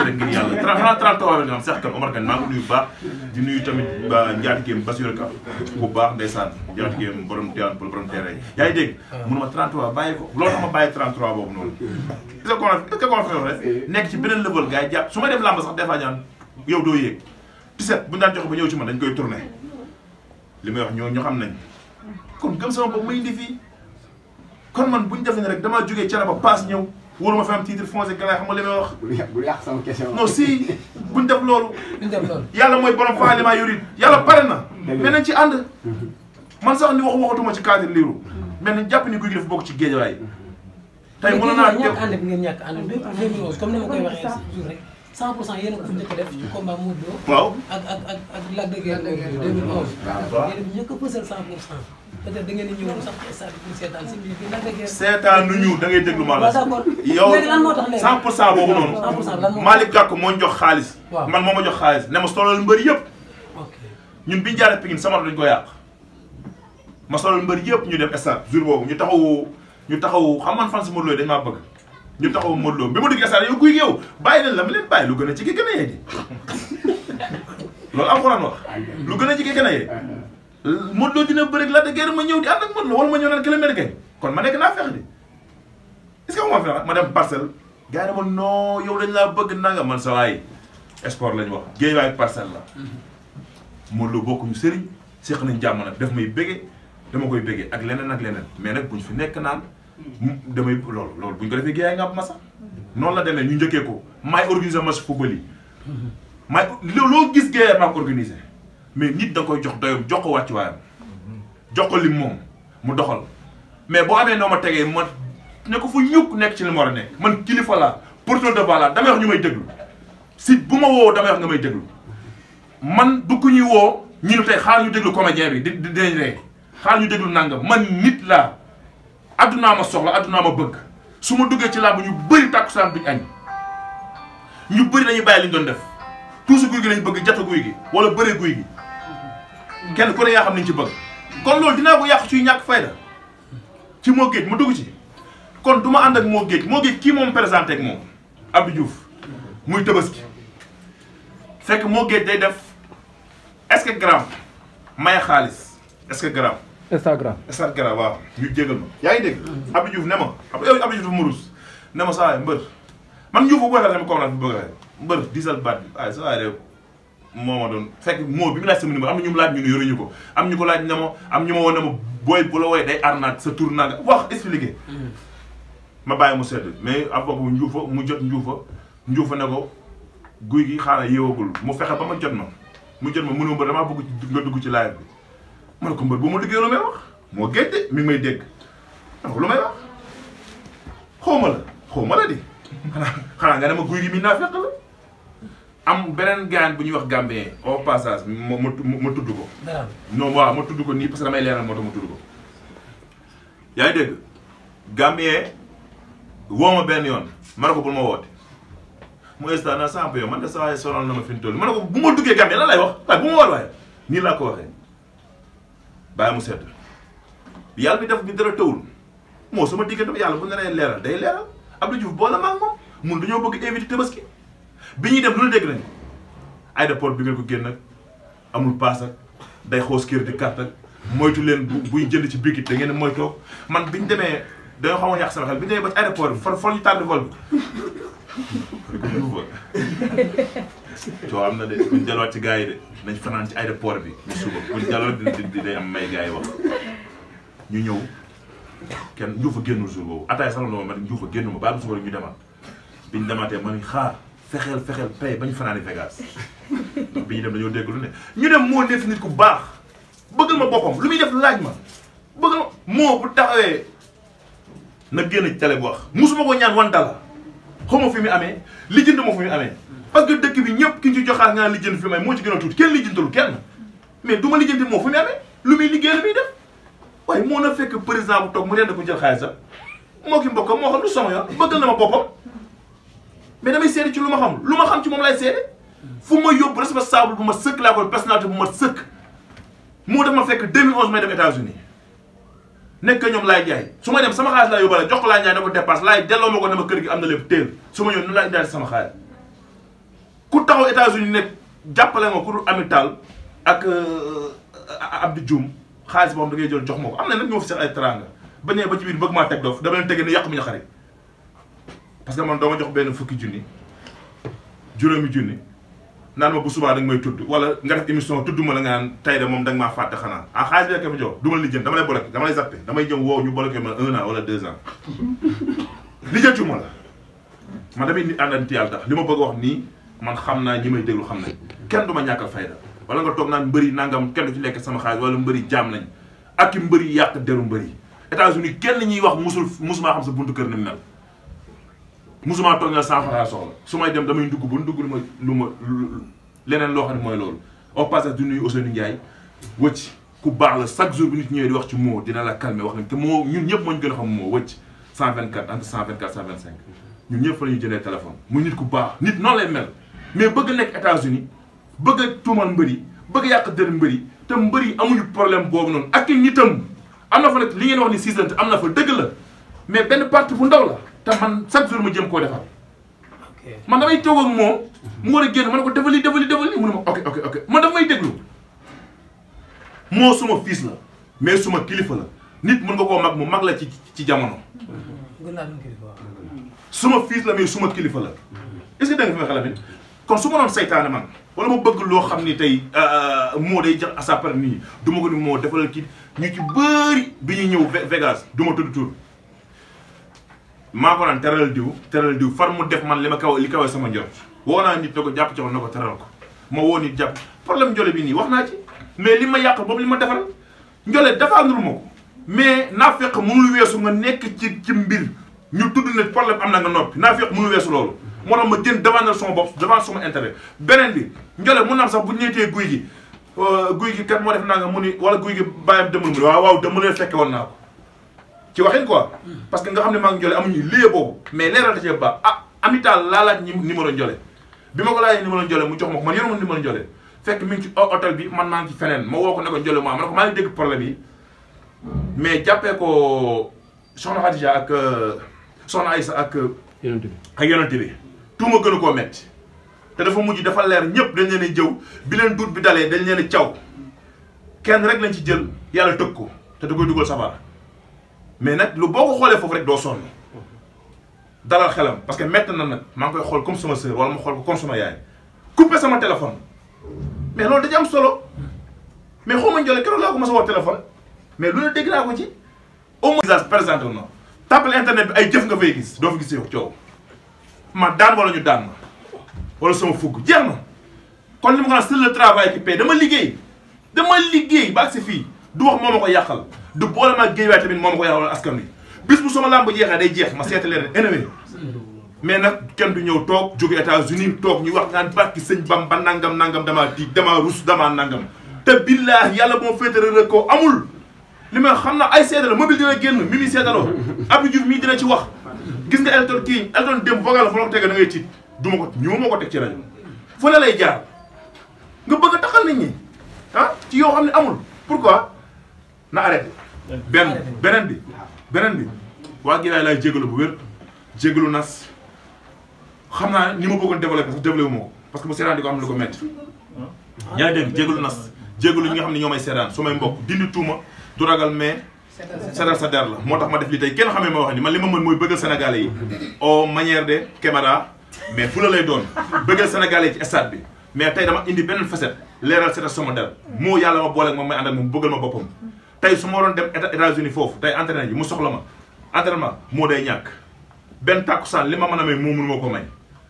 rek ngir yàlla xanaa 33 bi xam sax kan Omar Kane maa ngi bu baax di nuyu tamit njaatigéem Bassirou Ka bu baax ndeysaan njaatigéem borom teewaan pour borom teere yaa ngi dégg ah. mu ne ma 33 ko loolu tax ma bàyyi 33 boobu noonu est-ce que nekk ci beneen level gars yi su may def làmb sax des fois ñaan yow doo yéeg 17 bu ñu daan joxe ba ñëw ci man dañ koy tourné li may wax ñoo ñoo xam kon man bu ñu defee ne rek damaa jógee cere ba paas ñëw wóolu ma fi am titre foncé galaay xam nga wax. bul yàq bul yàq sama def loolu. buñ def loolu yàlla mooy borom faa li maa yorit yàlla pare na. mais nañ ci ànd. Mhm. man sax ni wax waxatuma ci cadre liiru. mais nañ jàpp ni guy gi dafa bokk ci géejawaay. tey mën naa ñàkk ànd bi ngeen ko njëkk a def ci combat Modou Lo. peut-être ngeen di ñëwoon sax ci stade seetaan si nu ñu da ngay lu ma la. yow léegi lan moo tax léegi 100 pour cent boobu noonu. 100 pour cent lan jox xaalis. man moo ma jox xaalis ne ma solal mbër yëpp. ñun biñu jaaree Pikine sama dañ ko yàq ma solal mbër yëpp ñu dem stade jour boobu ñu taxawu ñu taxawu xam man fan si Modou Lo dañ maa bëgg. ñu taxawu Modou Lo bi mu dugg stade yow guy yow bàyyi leen la ma leen bàyyi lu gën a jege gën a yegg loolu alxuraan wax lu gën a jege gën a yegg Modou Lo dina bëri la de guerre ma ñëw di ànd ak Modou ma ñëw naan kilomètre gañ kon ma nekk naa fex di est-ce ma fex ma dem parcelle gars yi ma non yow dañ laa bëgg nanga man sa waay sport lañ wax géej waay parcelle la Modou Lo bokkuñu sëriñ seq nañ jàmm nag daf may bëgge dama koy bëggee ak leneen ak leneen mais nag ñu fi nekk naan damay loolu loolu buñ ko defee géej ma masa noonu la demee ñu njëkkee ko maay organiser match football yi maay loo gis géej mais nit da nga koy jox doyam jox ko wàcc waayam jox ko lim moom mu doxal mais boo amee noo ma tegee ma ne ko fu ñukk nekk ci li mu man kilifa la porteur de voix laa damay wax ñu may déglu si bu ma woo damay wax nga may déglu man du ku ñuy woo ñu nu tey xaar ñu déglu comédien yi di di dinañ ree xaar ñu déglu nangam man nit laa addunaa ma soxla addunaa ma bëgg su ma duggee ci làmb ñu bëri tàkkusaan duñ bi ñu bëri dañuy bàyyi li doon def tuusu guy gi bëgg jatu guy gi wala bëre guy gi kenn ku ne yaa nañ ci bëgg kon loolu dinaa ko yàqu suy ñàkk fayda ci moo géej mu dugg ci kon du ma ànd ak moo géej moo géej kii moom présenté ak moom Abdou Diouf muy Tabaski fekk moo géej day def est-ce que xaalis est-ce que gram Instagram Instagram waaw ñu jégal ma yaa ngi dégg Abdou Diouf ne ma Abdou eh, Diouf ma ruus ne ma saa mbër man Diouf bu waxee ne ma comme naa fi bëgg a mbër diisal baat bi waaye saa moo ma doon fekk moo bi mu laaj sama numéro am na ñu mu laaj ñu ne yoruñu ko am ñu ko laaj ne ma am ñu ma won ne ma booy bu la wooy day arnaque sa tour nanga wax expliqué. Mm-hmm. ma bàyyi mu sedd mais ab boobu njuufa mu jot njuufa njuufa ne ko guy gi xaaral yeewagul mu fexe ba ma jot ma mu jot ma mënoo mbër damaa bëgg nga dugg ci live bi ma ne ko mbër bu ma liggéey lu may wax moo génte mi may dégg ma ne ko lu may wax xaw ma la xaw ma la di xanaa nga ne am beneen gaan bu ñuy wax gambien au passage ma ma ma tudd ko. non waaw ma tudd ma tudd ko. yaa ngi dégg gambien woo ma benn yoon ma ne ko bul ma woote mu instant na samp yow man de saa waay na ma fi mu toll ma ne ko bu ma duggee gambien lan lay wax waaye bu war waaye nii laa ko waxee bàyyi mu sedd yàlla bi def bi dara tawul moo sama diggante yàlla bu ne lay leeral day leeral Abdou Diouf boole ma ak moom mun dañoo bëgg éviter tabaski. bi ñuy dem lu la dégg nañu aéroport bi ngeen ko génn amul paas ak day xoos kër di carte ak moytu leen buy jënd ci bigit da ngeen moytoo man bi ñu demee dañoo xamoon yàq sama xel bi ñu demee bi for for ñu tardé vol am na de buñ ci gars yi de nañ ci aéroport bi ñu suba buñ jaloot di di day may gars wax ñu ñëw kenn njuufa génnul jour boobu ataay sax la ma man njuufa génn ma ba bu suba ñu demaat biñ demaatee man xaar fexeel fexeel pay ba ñu fanaani Vegas ndax bi ñu dem dañoo dégg lu ne ñu dem moo def nit ku baax bëggal ma boppam lu muy def laaj ma bëggal ma moo bu taxawee na génn ci télé bu wax musuma ko ñaan wan dala xawma fi mu amee lijjënd ma fi mu amee parce dëkk bi ñëpp ki ñu ci joxaat nga lijjënd fi mu moo ci gën a tuuti kenn lijjëntalu kenn mais du ma lijjënti moo fi mu amee lu muy liggéey la muy def waaye moo na fekk président bu toog mu rend ko jël xaalisam moo ki mbokkam moo xam lu sama yoon bëggal na ma boppam mais damay seede ci lu ma xam lu ma xam ci moom lay seede fu ma yóbbu responsable bu ma sëkk laa ko personnalité bu ma sëkk moo def ma fekk 2011 may dem états nekk ñoom laay su ma dem sama xaalis laa yóbbale jox ko laay jaay na ko dépasse ko ne ma gi am na lépp teel su ma ñëw nu laa indaale sama xaalis ku taxaw États-Unis nekk jàppale nga ku amital ak euh, Abdou Dioum xaalis boo xam da ngay jël jox ma ko am na nag ñoo fi seet ay teranga ba ñëwee ba ci biir bëgg maa teg dof dama leen tege ne yàq mi ñu xarit parce que man doo ma jox benn fukki junni juróomi junni naan ma bu subaa da nga may tudd wala nga def émission tudd ma la nga naan tey de moom danga nga maa fàtte xanaa ah xaalis bi rek ma jox du ma la lijjanti dama lay bloqué dama lay zappé damay jëm woow ñu bloqué ma un an wala deux ans lijjanti ma la man damay nit àndanti yàlla tax li ma bëgg wax nii man xam naa ñi may déglu xam nañ kenn du ma ñàkkal fayda wala nga toog naan mbëri nangam kenn du ci lekk sama xaalis wala mbëri jaam nañ ak i mbëri yàq deru mbëri États-Unis kenn ñuy wax musul musumaa xam sa buntu kër ni mel musuma tooñal cent franc soxla su may dem damay ndugg bu ndugg lu ma lu ma leneen loo xam ne mooy loolu au passage du nuyu Ousseynou Ndiaye wëcc ku baax la chaque jour bu nit ñëwee di wax ci moo dina la calmer wax ne te moo ñun ñëpp moo ñu gën a xam moo wëcc 124 entre 124 125 ñun ñëpp fa la ñuy jëndee téléphone mu nit ku baax nit noonu lay mel mais bëgg nekk États-Unis bëgg tuumal mbër yi bëgg yàq dër mbër yi te mbër yi amuñu problème boobu noonu ak nitam am na fa nag li ngeen wax ni sisante am na fa dëgg la mais benn parti bu ndaw te man chaque jour ma jëm koo defar. man damay toog ak moom. mu war a génn ma ne ko defal lii defal lii defal lii mu ne ma ok ok man dafa may déglu. moo suma fils la mais suma kilifa la nit mën nga koo mag mu mag la ci ci jamono. suma la suma kilifa la. est-ce que da nga fi ma xalaat kon su ma doon man wala ma bëgg loo xam ni tey euh, euh, moo day jax à sa part nit ñi du ko ni moo defalal kii ñu ci bëri bi ñuy ñëw Vegas du ma tudd maa ko naan teral diw teral diw far mu def man li ma kaw li kawee sama njort woo naa nit na ko jàpp ci woon na ko teral ko ma woo nit jàpp problème njole bi nii wax naa ci mais li ma yàq boobu li ma defal njole defaanul ma ko mais naa fekk mënul weesu nga nekk ci ci mbir ñu tudd ne problème am na nga noppi naa fekk mënul weesu loolu moo tax ma jën devant sama bopp devant sama intérêt beneen bi njole mun naam sax bu ñeetee guy gi euh, guy gi kat moo def naa nga mu ni wala guy gi bàyyam demul mu waaw waaw dama leen fekke woon naa ko ci waxin quoi. parce que nga xam ne maa ngi Ndiolé amuñu lieu boobu. mais leeral da cee ba ah amital laalaat ñi numéro Ndiolé bi ma ko laajee numéro Ndiolé mu jox ma ko man yoruma numéro Ndiolé fekk mi ngi ci hôtel bi man maa ngi ci feneen ma woo ko ne ko Ndiolé ma ma ne ko maa ngi dégg problème yi mais jàppee ko soxna Khadija ak euh, soxna Aïssa ak. Euh, yonent bi ak yonent bi tuuma gën a koo metti te dafa mujj dafa leer ñëpp dañ leen a jëw bi leen duut bi dalee dañ leen a caw kenn rek lañ ci jël yàlla tëgg ko te da koy dugal safara mais nag lu boo ko xoolee foofu rek doo sonn dalal xelam parce que métti na nag maa ngi koy xool comme sama sœur wala ma xool ko comme sama yaay coupé sama téléphone mais loolu dañ am solo mais xaw ma njëriñ keroog laa ko ma a woo téléphone mais lu ne dégg naa ko ci au moins. visage na tàppale internet bi ay jëf nga fay gis doo fa gis yow coow ma daan wala ñu daan ma wala sama fugg jeex na kon li ma ko naan c'est le travail qui dama liggéey dama liggéey ba ak si fii du wax moo ma ko yàqal. du boolema géejawaay tamit moom ko yàlla askan wi bis bu sama làmb jeexee day jeex ma seeta leen eneme mais nag kenn du ñëw toog jóge États-Unis toog ñu wax naan barki sëñ Bamba nangam nangam damaa diig damaa rus damaa nangam te billaah yàlla boo féetale rek ko amul li ma xam na ay seedala mobile dina génn mi mi seedaloo Abdou Diouf mii dina ci wax gis nga Elton kii Elton dem vocal fa ma ko tege da ngay tiit du ma ko ñëw ma ko teg ci rajo fu ne lay nga bëgg a taxal nit ñi ah, ci yoo xam ne amul pourquoi na arrêté benn beneen bi beneen bi waa Gilaay laay jégalu bu wér jégalu nas xam naa ni ma bëggoon développé sax développé wu ko parce que bu am lu ko métti ah. yaa ngi dégg jégalu nas jégalu ñi nga xam ne ñoo may seetaan su may mbokk dindi tuuma du ragal mais seetal sa der la moo tax ma def li tey kenn xamee ma wax ni man li ma mën mooy bëggal sénégalais yi au manière de caméra mais fu la lay doon bëggal sénégalais yi ci stade bi mais tey dama indi beneen facette leeral seetal sama der moo yàlla ma booleeg moom may ànd ak moom bëggal ma boppam tey su ma waroon dem États-Unis foofu tey entraîné ji mu soxla ma entraînement moo day ñàkk benn tàkkusaan li ma mën a may moo mun moo ko may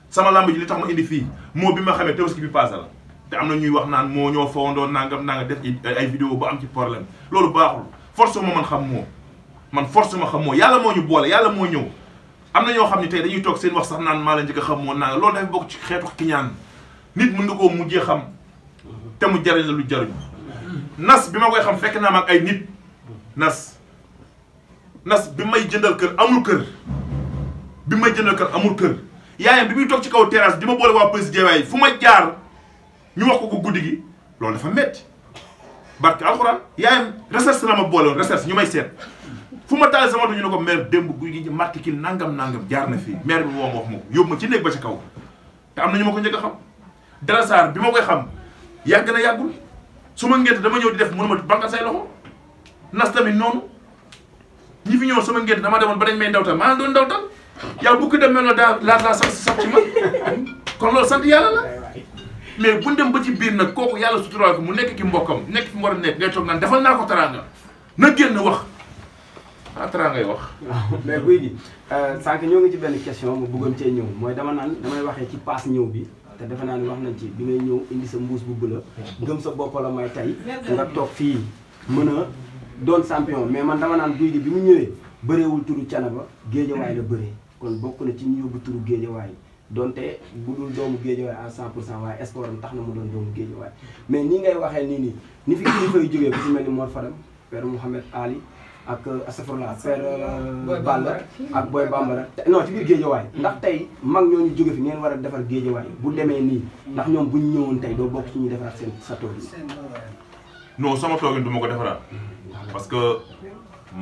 sama lamb ji li tax ma indi fii moo bi ma xamee tabaski bi passé la te am na ñuy wax naan moo ñoo fowandoo nangam nanga def ay vidéo ba am ci problème loolu baaxul force ma man xam man force ma xam moo yàlla moo ñu boole yàlla moo ñëw am na ñoo xam ne tey dañuy toog seen wax naan maa la njëkk a xam moo nanga loolu bokk ci xeetu kiñaan nit mën na koo mujjee xam te mu jariñ la lu jaruñ nas bi ma koy xam fekk naa ma ay nit nas nas bi may jëndal kër amul kër bi may jëndal kër amul kër yaayam bi muy toog ci kaw terrasse di ma boole waa président waay fu ma jaar ñu wax ko ko guddi gi loolu dafa metti barke alxuraan yaayam recherche la ma boole woon recherche ñu may seet fu ma taal sama ñu ne ko maire démb guy gi martikil nàngam nangam jaar na fii maire bi woo ma wax ma ko yóbbu ma ci néeg ba ci kaw te am na ñu ma ko njëkk a xam darasaar bi ma koy xam yàgg na yàggul su ma ngénte dama ñëw di def mënuma banqal say loxo nas tamit noonu ñi fi ñëw sama ngénte dama demoon ba dañ may ndawtal maa doon ndawtal yow bu ko demee noonu daa laata laa sax sax ci ma kon loolu sant yàlla mais bu ñu dem ba ci biir nag kooku yàlla suturaal ko mu nekk ki mbokkam nekk fi mu war a nekk ngay toog naan naa ko teraanga na génn wax ah teraanga ngay wax. waaw mais guy gi euh, sànq ñoo ngi ci benn question mu bëggoon cee ñëw mooy dama naan damay waxee ci pas ñëw bi. te defe naa ni wax nañ ci bi ngay ñëw indi sa mbuus bu bula gëm sa bopp la may tey nga toog fii mën a doon champion mais man dama naan guy gi bi mu ñëwee bëreewul turu canaba géejawaay la bëree kon bokk na ci ñu yóbbu turu géejawaay donte bu dul doomu géejawaay à 100 pour cent waaye espoir am tax na mu doon doomu géejawaay mais ni ngay waxee nii nii ni fi kilifa yu jógee ku si mel ni Mor Fadam Père Mouhamed Ali ak euh, astafurlah ak Père euh, Balla ak Boy Bambara non ci biir géejawaay hmm. ndax tey mag ñooñu jóge fi ngeen war a defar géejawaay bu demee nii hmm. ndax ñoom buñ ñëwoon tey doo bokk ci ñuy defaraat seen sa toogin non sama toogin du ma ko defaraat hmm. parce que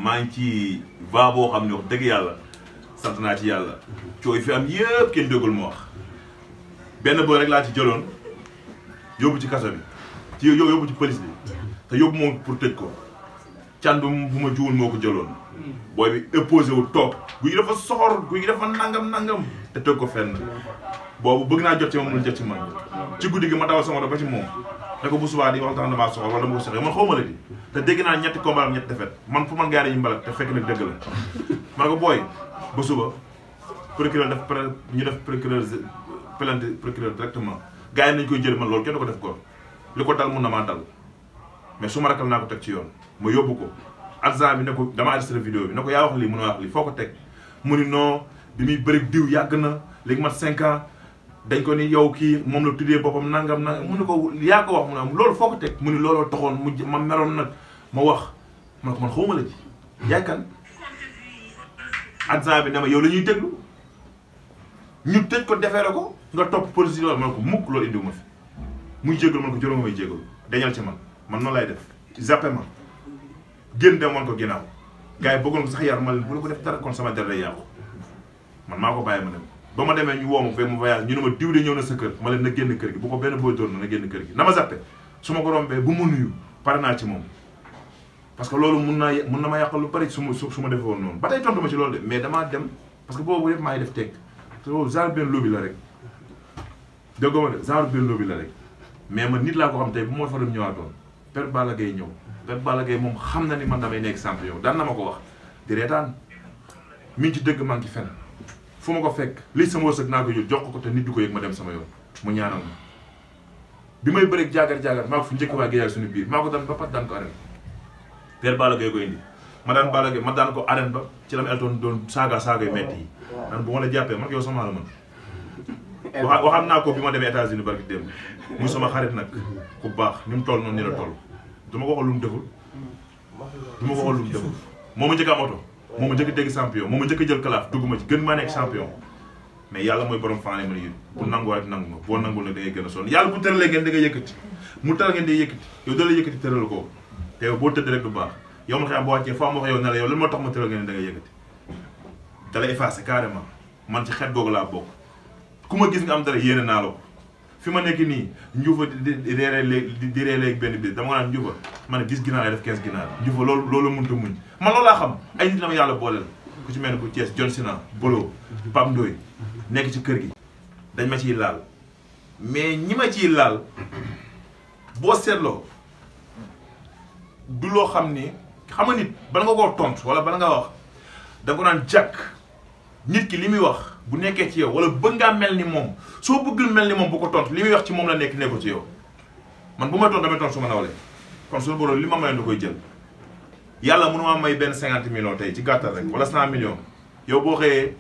maa ngi ci va boo xam ne wax dëgg yàlla sant naa ci yàlla cooy fi am yëpp kenn déggul ma wax benn booy rek laa ci jëloon yóbbu ci kaso bi ci yóbbu ci police bi te yóbbu moom pour tëj ko càndum bu ma juwul moo ko jëloon booy bi opposé wu toog guy gi dafa soxor guy gi dafa nangam nangam te teg ko fenn boobu bëgg naa jot ci moom lu jot ci man ci guddi gi ma dawal sama ba ci moom ne ko bu di waxtaan damaa wala dama ko ma la te dégg naa ñetti combat am ñetti defet man fu man gaari yi mbalak te ma booy ba suba procureur def pré ñu def procureur plainte procureur directement gars yi nañ koy jël man loolu kenn ko def góor li ko dal mun na maa dal mais su ma rakkal naa ko teg ci yoon ma yóbbu ko agent bi ne ko dama enregistré vidéo bi ne ko yaa wax lii mun a wax lii foo ko teg mu ni noo bi muy bëri diw yàgg na léegi ma cinq ans dañ ko ni yow kii moom la tuddee boppam nangam nangam mu ne ko yaa ko wax mu ne loolu foo ko teg mu ni looloo taxoon mu ma meroon nag ma wax man ko man xawma la ji yaay kan bi ne ma yow la ñuy déglu ñu tëj ko defeere ko nga topp police loolu man ko mukk loolu indiwuma fi muy jégalu man ko juróom may jégalu ci man man noonu lay def zappé ma génn dem woon ko ginnaaw gars yi bëggoon ko sax yar ma bu la ko def dara kon sama der day yàqu man maa ko bàyyi ma dem ba ma demee ñu woo ma fee mu voyage ñu ne ma sa kër ma leen na génn kër gi ko benn booy doon na génn kër gi na ma zappe su ma pare naa ci moom parce que loolu mun naa mun na ma yàqal lu bari su ma su ma defewoon noonu ba tey tontu ma ci loolu de mais damaa dem parce que boobu yëpp maa ngi def tekk te boobu genre benn lobby la rek déggoo ma de genre benn lobby la rek mais ma nit laa ko xam tey bu ma fa dem ñëwaatoon per Balla gay ñëw Pep Balla moom xam na ni man damay nekk champion daan na ma ko wax di reetaan mi ngi ci dëgg man ngi fen fu ma ko fekk lii sama wërsëg naa ko jël jox ko te nit du ko yëg ma dem sama yoon mu ñaanal ma bi may bëreeg jaagar jaagar maa ko fu njëkk waa Guèye suñu biir maa ko daan ba ko arène Père ko indi ma daan Balla ma daan ko arène ba ci la ma Elton doon saaga saaga yu metti yi naan bu ma la jàppee man yow sama la man waxaat naa ko bi ma demee États-Unis barki dem muy sama xarit nag ku baax ni mu toll noonu ni toll du ma ko waxal lu mu deful. Mm. ko waxal lu mu moo ma njëkk am oto. moo ma njëkk dégg champion moo ma njëkk jël kalaaf dugg ma ci gën maa nekk champion. mais yàlla mooy borom fànn yi ma yëg bu mm. nangu rek nangu boo nangul nag da gën a sonn yàlla bu tëralee ngeen da nga yëkkati mu tëral ngeen day yëkkati yow da yëkkati tëral ko te boo tëdd rek du baax yow ma xam boo wàccee faa ma wax yow ne yow lan moo tax ma tëral ngeen da nga yëkkati da man ci xet laa bokk ku ma gis nga am dara fi ma nekk nii njuufa di reeree léeg di reeree léeg benn bis dama naan njuufa ma ne gis ginaar lay def 15 ginaar njuufa loolu loolu mënut a muñ man loolu laa xam ay nit dama yàlla booleel ku ci mel ne ku Thiès John Sina Pam Ndoy nekk ci kër gi dañ ma ciy laal mais ñi ma ciy laal boo seetloo du loo xam ni xam nga nit bala nga koo tontu wala bala nga wax da naan jàkk nit ki li muy wax bu nekkee ci yow wala bëgg ngaa mel ni moom soo bëggul mel ni moom bu ko tontu li muy wax ci moom la nekk nekkul ci yow man bu may tontu damay tontu su ma nawle kon suñu borom li ma mayoon da koy jël yàlla mënu ma may benn cinquante millions tey ci gàttal rek wala cent millions yow boo xëyee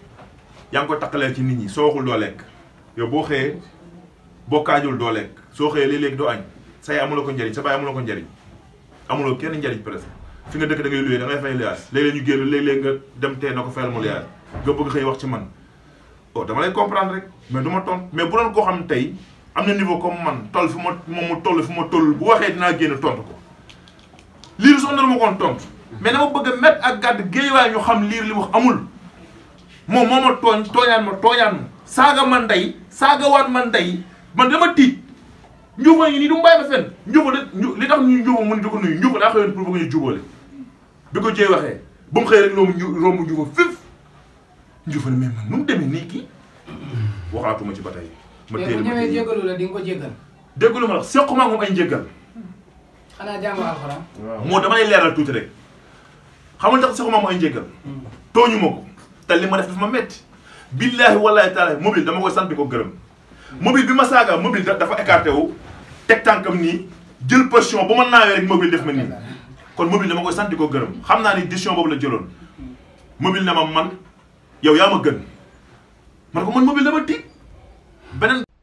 yaa ngi ko takkalee ci nit ñi soo waxul doo lekk yow boo xëyee boo kaajul doo lekk soo xëyee léeg-léeg doo añ sa yaay amuloo ko njariñ sa baay amuloo ko njariñ amuloo kenn njariñ presque fi nga dëkk da ngay luyee da ngay fay luyaas léeg-léeg ñu génn léeg-léeg nga dem tee na ko fayal mu luyaas nga bëgg xëy wax ci man bon dama lay comprendre rek mais du ma tont mais bu doon koo xam tey am na niveau ko man toll fi ma moom mu toll fi ma toll bu waxee dinaa génn tontu ko liir sax dama koon tontu mais dama bëgg a mettre ak gàdd géewaay ñu xam liir li wax amul moom moo ma tooñ tooñaan ma tooñaan ma saaga ma ndey saaga waat ma ndey man dama tiit njuuba yi nii du mu bàyyi ma fenn njuuba li ñu njuuba mu ni di daa xëyoon ñu jubale bi ko jéey waxee ba mu xëy rek romb romb Ndioufane mais man nu mu demee nii kii waxaatuma ci ba tey. ma teel a ma di nga ko jégal. déggu ma la seq maa moom moo dama lay tuuti rek xam nga tax seq maa moom ay njéggal. Hmm. tooñu li ma def dafa ma métti. billaahi wallaahi taala mobile dama koy sant bi ko gërëm. Hmm. mobile bi ma saaga mobile dafa écarté wu teg tànkam nii jël position bu ma naawee rek mobile def ma nii hmm. kon mobile dama koy sant di ko gërëm xam naa ni décision boobu la jëloon mobile na ma man. yow yaa ma gën man ko man mobile dama tiit beneen